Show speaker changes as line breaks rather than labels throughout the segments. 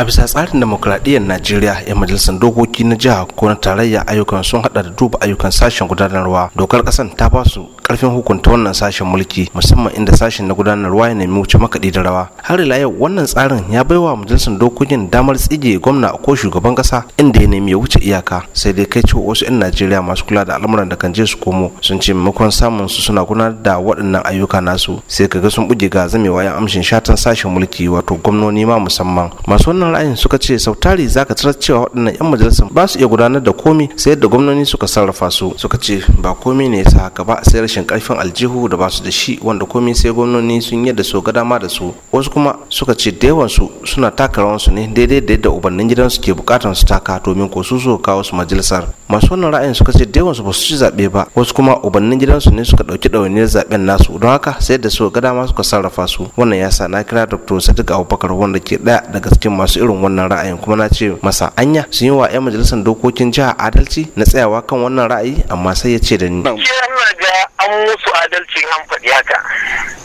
a bisa tsarin demokradiyyar najeriya yan majalisar dokoki na jiha ko na tarayya ayyukan sun hada da duba ayyukan sashen gudanarwa dokar kasan ta ba su karfin hukunta wannan sashen mulki musamman inda sashen na gudanarwa ya nemi wuce makaɗi da rawa har ila yau wannan tsarin ya bai wa majalisar dokokin damar tsige gwamna ko shugaban kasa inda ya nemi ya wuce iyaka sai dai kai cewa wasu yan najeriya masu kula da al'amuran da kan je su komo sun ce maimakon samun su suna gudanar da waɗannan ayyuka nasu sai kaga sun buge ga zamewa yan amshin shatan sashen mulki wato gwamnoni ma musamman masu wannan yan ra'ayin suka ce sautari ka tarar cewa waɗannan yan majalisar ba su iya gudanar da komi sai yadda gwamnoni suka sarrafa su suka ce ba komi ne yasa haka ba sai rashin karfin aljihu da ba su da shi wanda komi sai gwamnoni sun yadda so ga dama da su wasu kuma suka ce da yawan su suna taka rawansu ne daidai da yadda ubannin gidansu ke bukatar su taka domin ko su so kawo su majalisar masu wannan ra'ayin suka ce da yawansu ba su ci zaɓe ba wasu kuma ubannin gidansu ne suka ɗauki ɗawainiyar zaɓen nasu don haka sai da su ga dama suka sarrafa su wannan ya sa na kira dr sadiq abubakar wanda ke ɗaya daga cikin masu irin wannan ra'ayin kuma na ce masa anya sun yi wa 'yan majalisar dokokin jiha adalci na tsayawa kan wannan ra'ayi amma sai ya ce da ni. ga an musu
adalci an faɗi haka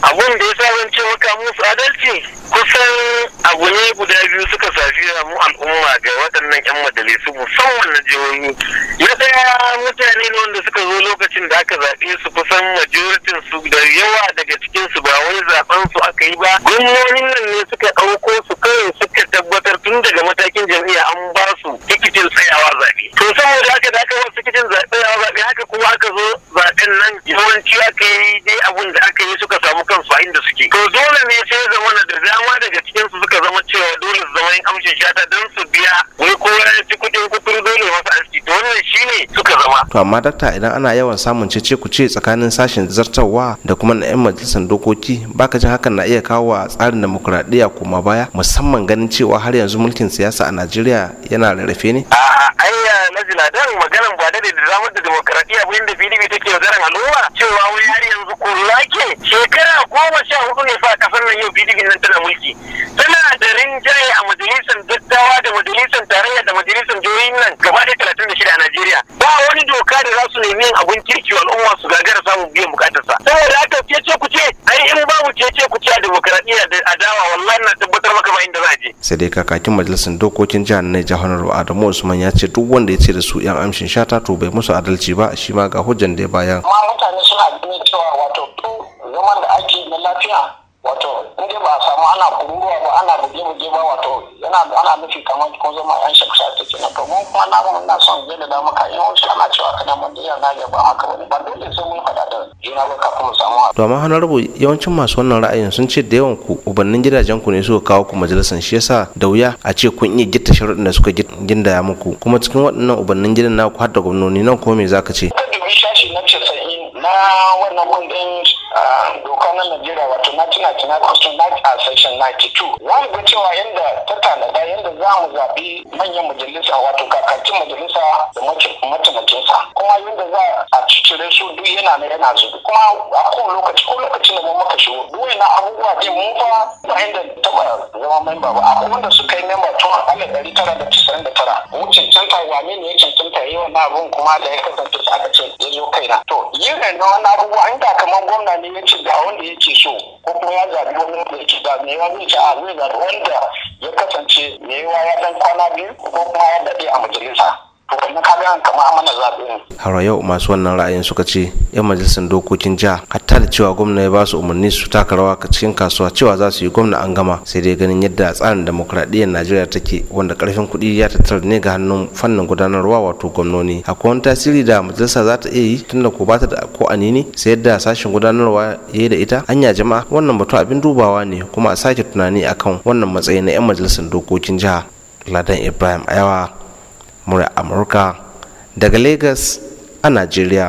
abun da ya sa ce maka musu adalci kusan gwani guda biyu suka safi mu al'umma ga waɗannan 'yan majalisu musamman na jihohi na ɗaya mutane ne wanda suka zo lokacin da aka zaɓe su kusan majoritin su da yawa daga cikin su ba wai zaɓen su aka yi ba gwamnonin nan ne suka ɗauko su kawai su. shi aka yi dai abun da aka yi suka samu kansu a inda suke to dole ne sai ya zama da dama daga cikin suka zama cewa dole su zama yin amshin shata don su biya wai kowa ya ci kuɗi ne suka zama
to amma dakta idan ana yawan samun cece ku ce tsakanin sashen zartarwa da kuma na yan majalisar dokoki baka jin hakan na iya kawo wa tsarin demokuraɗiyya koma baya musamman ganin cewa har yanzu mulkin siyasa a Najeriya yana rarrafe ne a'a na
zinadar maganan ba da da zamar da demokuraɗiyya ba inda PDP take yaudaran al'umma cewa wai har yanzu kurla ke shekara goma sha hudu ne fa kasar nan yau PDP nan tana mulki tana da rinjaye a majalisar doka da za su nemi abin abun kirki al'umma su gagara samun biyan bukatarsa saboda haka ce ku ce ai in babu ce ku ce a demokaradiyya da adawa wallahi na tabbatar maka ba inda za je
sai dai kakakin majalisar dokokin jihar Niger Honorable Adamu Usman ya ce duk wanda ya ce da su yan amshin shata to bai musu adalci ba shi ma ga hujjan da ya bayan
amma mutane suna ganin cewa wato zaman da ake
na lafiya wato in ba a samu ana kururuwa ba ana ana ana nufi kamar ko zama yan shaksa ta na to mun kuma na mun na son zai da muka yi shi ana cewa kana mun da yana
ga ba haka wani ba dole sai mun faɗa da juna ba kafin mu samu to amma honorable yawancin masu wannan ra'ayin sun ce da yawan ku ubannin gidajen ku ne suka kawo ku majalisar shi yasa da wuya a ce kun iya gita sharuɗin da suka gindaya muku kuma cikin waɗannan ubannin gidan na har da gwamnoni nan ko me ka ce
na wannan kundin doka na Najeriya wato National National Constitution a Section 92. Za ga cewa yadda ta tanada yadda za mu zaɓi manyan majalisa wato kakakin majalisa da mataimakinsa. Kuma yadda za a cire su duk yana na yana su, Kuma a kowane lokaci ko lokacin da mun maka shigo duk yana abubuwa din mun fa ba yadda taɓa zama memba ba. Akwai wanda suka yi memba tun alif ɗari tara da casa'in da tara. Mun cancanta wa ne ya cancanta yi wannan abun kuma da ya kasance aka ce ya zo kaina. To yin nan wani abubuwa in da kamar gwamna ne ya ce ga wanda yake so ko kuma ya zaɓi wani wanda ya da me ya zai a zai zaɓi wanda ya kasance me yawa ya dan kwana biyu ko kuma ya daɗe a majalisa
har yau masu wannan ra'ayin suka ce yan majalisar dokokin jiha hatta da cewa gwamna ya ba su umarni su taka rawa ka cikin kasuwa cewa za su yi gwamna an gama sai dai ganin yadda tsarin demokradiyyar najeriya take wanda karfin kuɗi ya tattara ne ga hannun fannin gudanarwa wato gwamnoni akwai wani tasiri da majalisa za ta iya yi tunda ko ba ta da ko anini sai yadda sashin gudanarwa ya yi da ita hanya jama'a wannan batu abin dubawa ne kuma a sake tunani akan wannan matsayi na yan majalisar dokokin jiha ladan ibrahim ayawa mura amurka daga lagos a najeriya